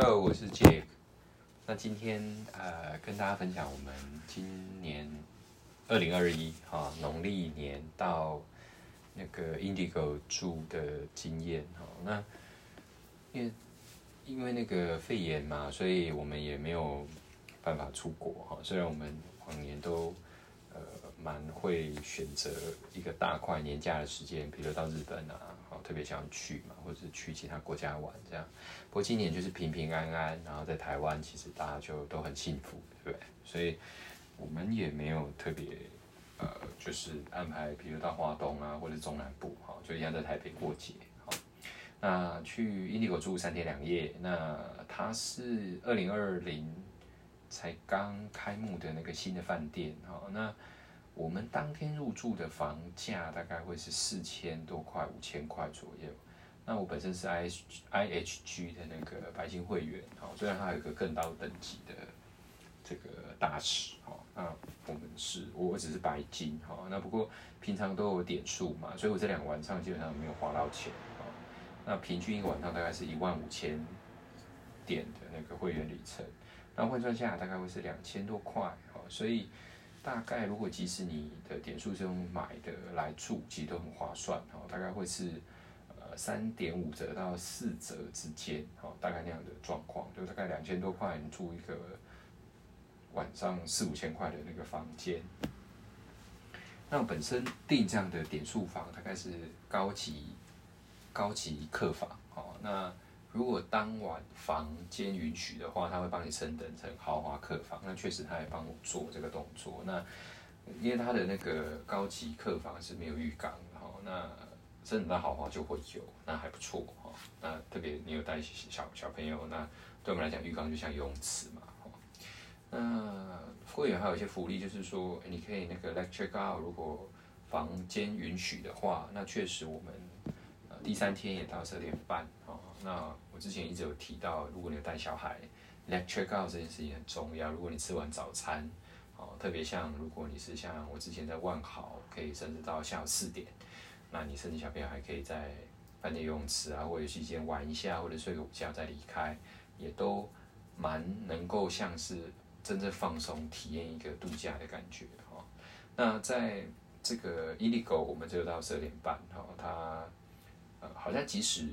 Hello，我是傑克。那今天呃，跟大家分享我們今年二零二一哈農曆年到那個 Indigo 住的經驗哈。那因為因為那個肺炎嘛，所以我們也沒有辦法出國哈。雖然我們往年都呃蠻會選擇一個大塊年假的時間，比如到日本啊。特別想去嘛，或者是去其他國家玩這樣。不過今年就是平平安安，然後在台灣，其實大家就都很幸福，對不對？所以我們也沒有特別呃，就是安排，比如到華東啊，或者中南部，哈，就一樣在台北過節，哈。那去 Indigo 住三天兩夜，那它是二零二零才剛開幕的那個新的飯店，哈，那。我們當天入住的房價大概會是四千多塊、五千塊左右。那我本身是 I H I H G 的那個白金會員，哈、哦，雖然它有一個更高等級的這個大使，哈、哦，那我們是我只是白金，哈、哦，那不過平常都有點數嘛，所以我這兩個晚上基本上沒有花到錢，哦，那平均一個晚上大概是一萬五千點的那個會員里程，那換算下來大概會是兩千多塊，哈、哦，所以。大概如果即使你的點數是用買的來住，其實都很划算哦。大概會是呃三點五折到四折之間哦，大概那樣的狀況，就大概兩千多塊你住一個晚上四五千塊的那個房間。那本身訂這樣的點數房，大概是高級高級客房哦，那。如果當晚房間允許的話，他會幫你升等成豪華客房。那確實，他也幫我做這個動作。那因為他的那個高級客房是沒有浴缸的哈，那升等到豪華就會有，那還不錯哈。那特別你有帶小小小朋友，那對我們來講，浴缸就像游泳池嘛哈。那會員還有一些福利，就是說你可以那個 late check out，如果房間允許的話，那確實我們第三天也到十二點半啊，那。我之前一直有提到，如果你有帶小孩，late check out 這件事情很重要。如果你吃完早餐，哦，特別像如果你是像我之前在萬豪，可以甚至到下午四點，那你甚至小朋友還可以在飯店游泳池啊，或者是一間玩一下，或者睡個午覺再離開，也都蠻能夠像是真正放鬆、體驗一個度假的感覺、哦、那在這個 Indigo，我們就到十二點半哈、哦，它呃好像即使。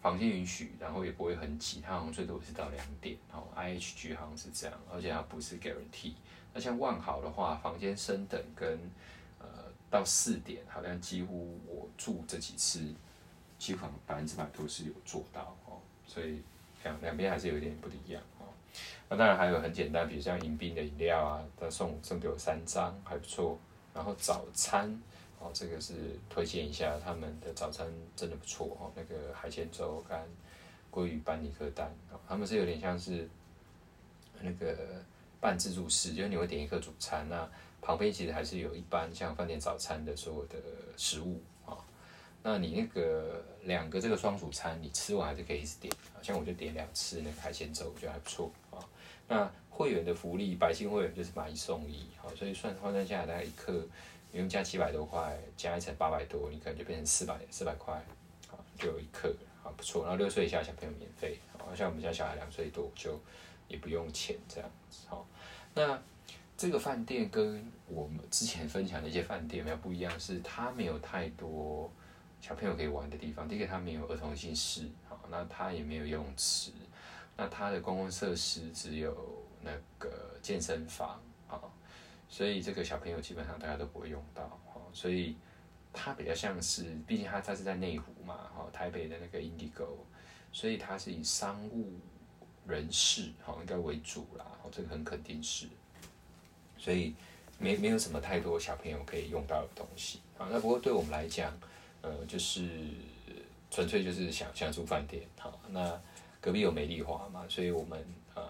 房間允許，然後也不會很擠，它好像最多也是到兩點，後、哦、IHG 好像是這樣，而且它不是 guarantee。那像萬豪的話，房間升等跟呃到四點，好像幾乎我住這幾次，幾乎百分之百都是有做到，哦，所以兩兩邊還是有一點不一樣，哦。那當然還有很簡單，比如像迎賓的飲料啊，他送送給我三張，還不錯。然後早餐。哦，這個是推薦一下，他們的早餐真的不錯哦。那個海鮮粥跟鮭魚班尼克蛋，哦，他們是有點像是那個半自助式，就是你會點一個主餐，那旁邊其實還是有一般像飯店早餐的所有的食物啊，哦。那你那個兩個這個雙主餐，你吃完還是可以一直點，像我就點兩次那個海鮮粥，我覺得還不錯啊，哦。那會員的福利，百姓會員就是買一送一，好，哦，所以算換算下來大概一顆。你用加七百多塊，加一層八百多，你可能就變成四百四百塊，好，就有一克，好不錯。然後六歲以下小朋友免費，好像我們家小孩兩歲多就也不用錢這樣子，好。那這個飯店跟我們之前分享的一些飯店有沒有不一樣？是它沒有太多小朋友可以玩的地方，第一個它沒有兒童遊戲室，好，那它也沒有游泳池，那它的公共設施只有那個健身房。所以這個小朋友基本上大家都不會用到，哈、哦，所以它比較像是，畢竟它它是在內湖嘛，哈、哦，台北的那個 Indigo，所以它是以商務人士，哈、哦，應該為主啦、哦，這個很肯定是，所以沒沒有什麼太多小朋友可以用到的東西，啊、哦，那不過對我們來講，呃，就是純粹就是想想住飯店，好、哦，那隔壁有美麗華嘛，所以我們呃，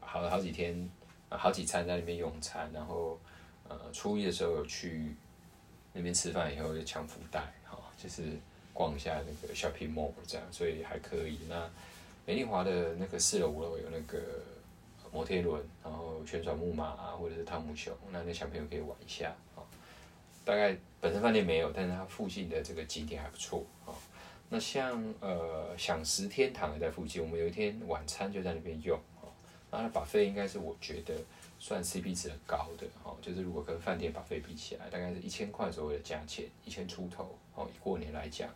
好了好幾天。啊、好幾餐在那邊用餐，然後呃初一的時候有去那邊吃飯，以後就搶福袋，哈、哦，就是逛一下那個 shopping mall 這樣，所以還可以。那美麗華的那個四樓五樓有那個摩天輪，然後旋轉木馬啊，或者是湯姆熊，那那小朋友可以玩一下，哦。大概本身飯店沒有，但是它附近的這個景點還不錯，哦。那像呃饗食天堂也在附近，我們有一天晚餐就在那邊用。那 buffet 應該是我覺得算 CP 值很高的，哈、哦，就是如果跟飯店 buffet 比起來，大概是一千塊左右的價錢，一千出頭哦。以過年來講，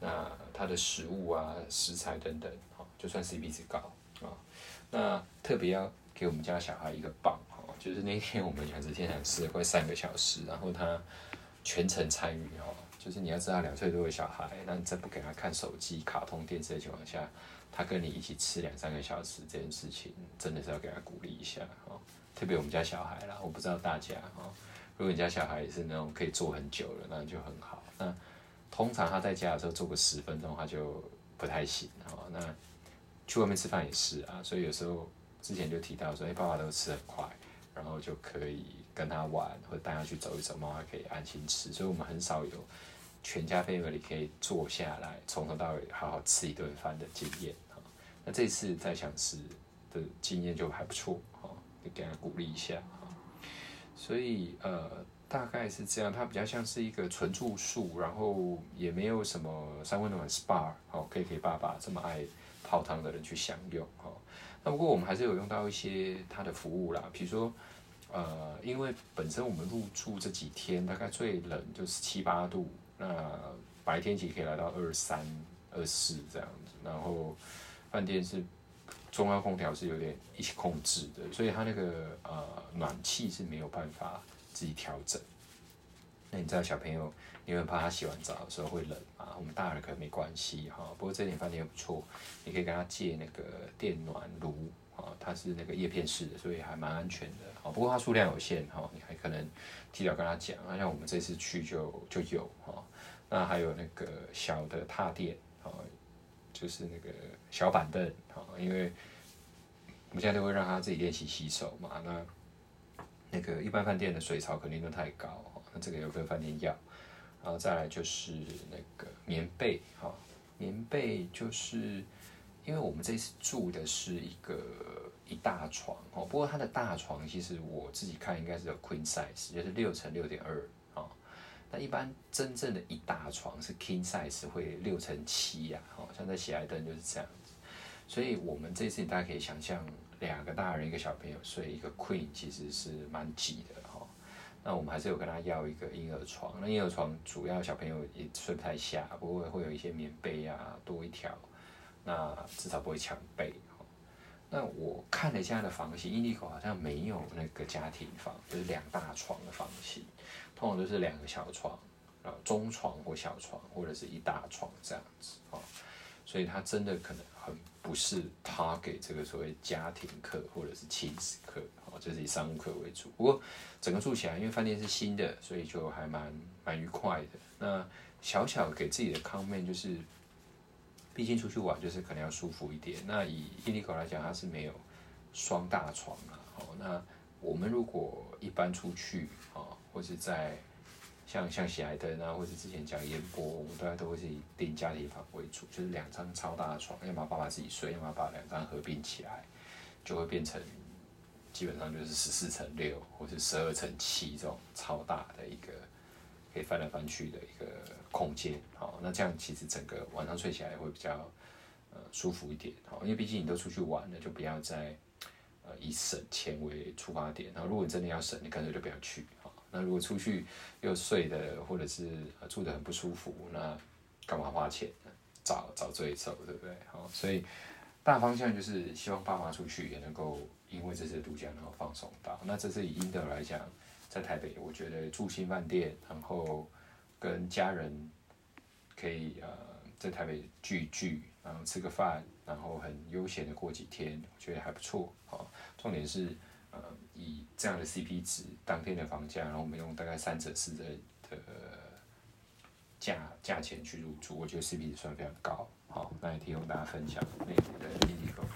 那它的食物啊、食材等等，哦、就算 CP 值高啊、哦。那特別要給我們家小孩一個棒哦，就是那天我們兩隻天場吃了快三個小時，然後他全程參與哦。就是你要知道，兩歲多的小孩，那你再不給他看手機、卡通電視的情況下，他跟你一起吃兩三個小時這件事情，真的是要給他鼓勵一下哦。特別我們家小孩啦，我不知道大家哦，如果你家小孩也是那種可以坐很久的，那就很好。那通常他在家的時候坐個十分鐘，他就不太行哦。那去外面吃飯也是啊，所以有時候之前就提到說，哎，爸爸都吃很快，然後就可以。跟他玩，或者帶他去走一走，媽媽可以安心吃，所以我們很少有全家 family 可以坐下來，從頭到尾好好吃一頓飯的經驗哈、哦。那這次再想吃的經驗就還不錯哈，你、哦、給他鼓勵一下哈、哦。所以呃，大概是這樣，它比較像是一個純住宿，然後也沒有什麼三溫暖 SPA，可以給爸爸這麼愛泡湯的人去享用哈、哦。那不過我們還是有用到一些它的服務啦，比如說。呃，因為本身我們入住這幾天，大概最冷就是七八度，那白天其實可以來到二三、二四這樣子。然後飯店是中央空調，是有點一起控制的，所以它那個呃暖氣是沒有辦法自己調整。那你知道小朋友，你很怕他洗完澡的時候會冷啊，我們大人可能沒關係哈。不過這點飯店也不錯，你可以跟他借那個電暖爐。它是那個葉片式的，所以還蠻安全的哦。不過它數量有限哈，你還可能提早跟他講。像我們這次去就就有哈。那還有那個小的踏墊啊，就是那個小板凳啊，因為我們現在都會讓他自己練習洗手嘛。那那個一般飯店的水槽肯定都太高，那這個有跟飯店要。然後再來就是那個棉被哈，棉被就是。因為我們這次住的是一個一大床哦，不過他的大床其實我自己看應該是有 queen size，就是六乘六點二哦。那一般真正的一大床是 king size，會六乘七呀，哦，像在喜來登就是這樣子。所以我們這次大家可以想象，兩個大人一個小朋友睡一個 queen，其實是蠻擠的哈、哦。那我們還是有跟他要一個嬰兒床，那嬰兒床主要小朋友也睡不太下，不過會有一些棉被啊，多一條。那至少不會搶被哦。那我看了一下的房型，Indigo 好像沒有那個家庭房，就是兩大床的房型，通常都是兩個小床，然、啊、後中床或小床或者是一大床這樣子哦。所以它真的可能很不是 target 這個所謂家庭客或者是親子客，哦，就是以商務客為主。不過整個住起來，因為飯店是新的，所以就還蠻蠻愉快的。那小小給自己的 comment 就是。畢竟出去玩就是可能要舒服一點。那以 Indigo 來講，它是沒有雙大床啊。哦，那我們如果一般出去啊、哦，或是在像像喜來登啊，或是之前講煙波，我們大家都會是以訂家裡房為主，就是兩張超大的床，要麼爸爸自己睡，要麼把兩張合併起來，就會變成基本上就是十四乘六，或是十二乘七這種超大的一個可以翻來翻去的一個。空間好，那這樣其實整個晚上睡起來也會比較呃舒服一點，好，因為畢竟你都出去玩了，就不要再呃以省錢為出發點，然後如果你真的要省，你乾脆就不要去，好，那如果出去又睡的或者是、呃、住的很不舒服，那幹嘛花錢呢？找找罪受，對不對？好，所以大方向就是希望爸媽出去也能夠因為這次的度假能夠放鬆到，那這次以英德來講，在台北我覺得住新飯店，然後。跟家人可以呃在台北聚聚，然後吃個飯，然後很悠閒的過幾天，我覺得還不錯。好、哦，重點是呃以這樣的 CP 值，當天的房價，然後我們用大概三折四折的價價錢去入住，我覺得 CP 值算非常高。好、哦，那也提供跟大家分享內湖的體驗。那個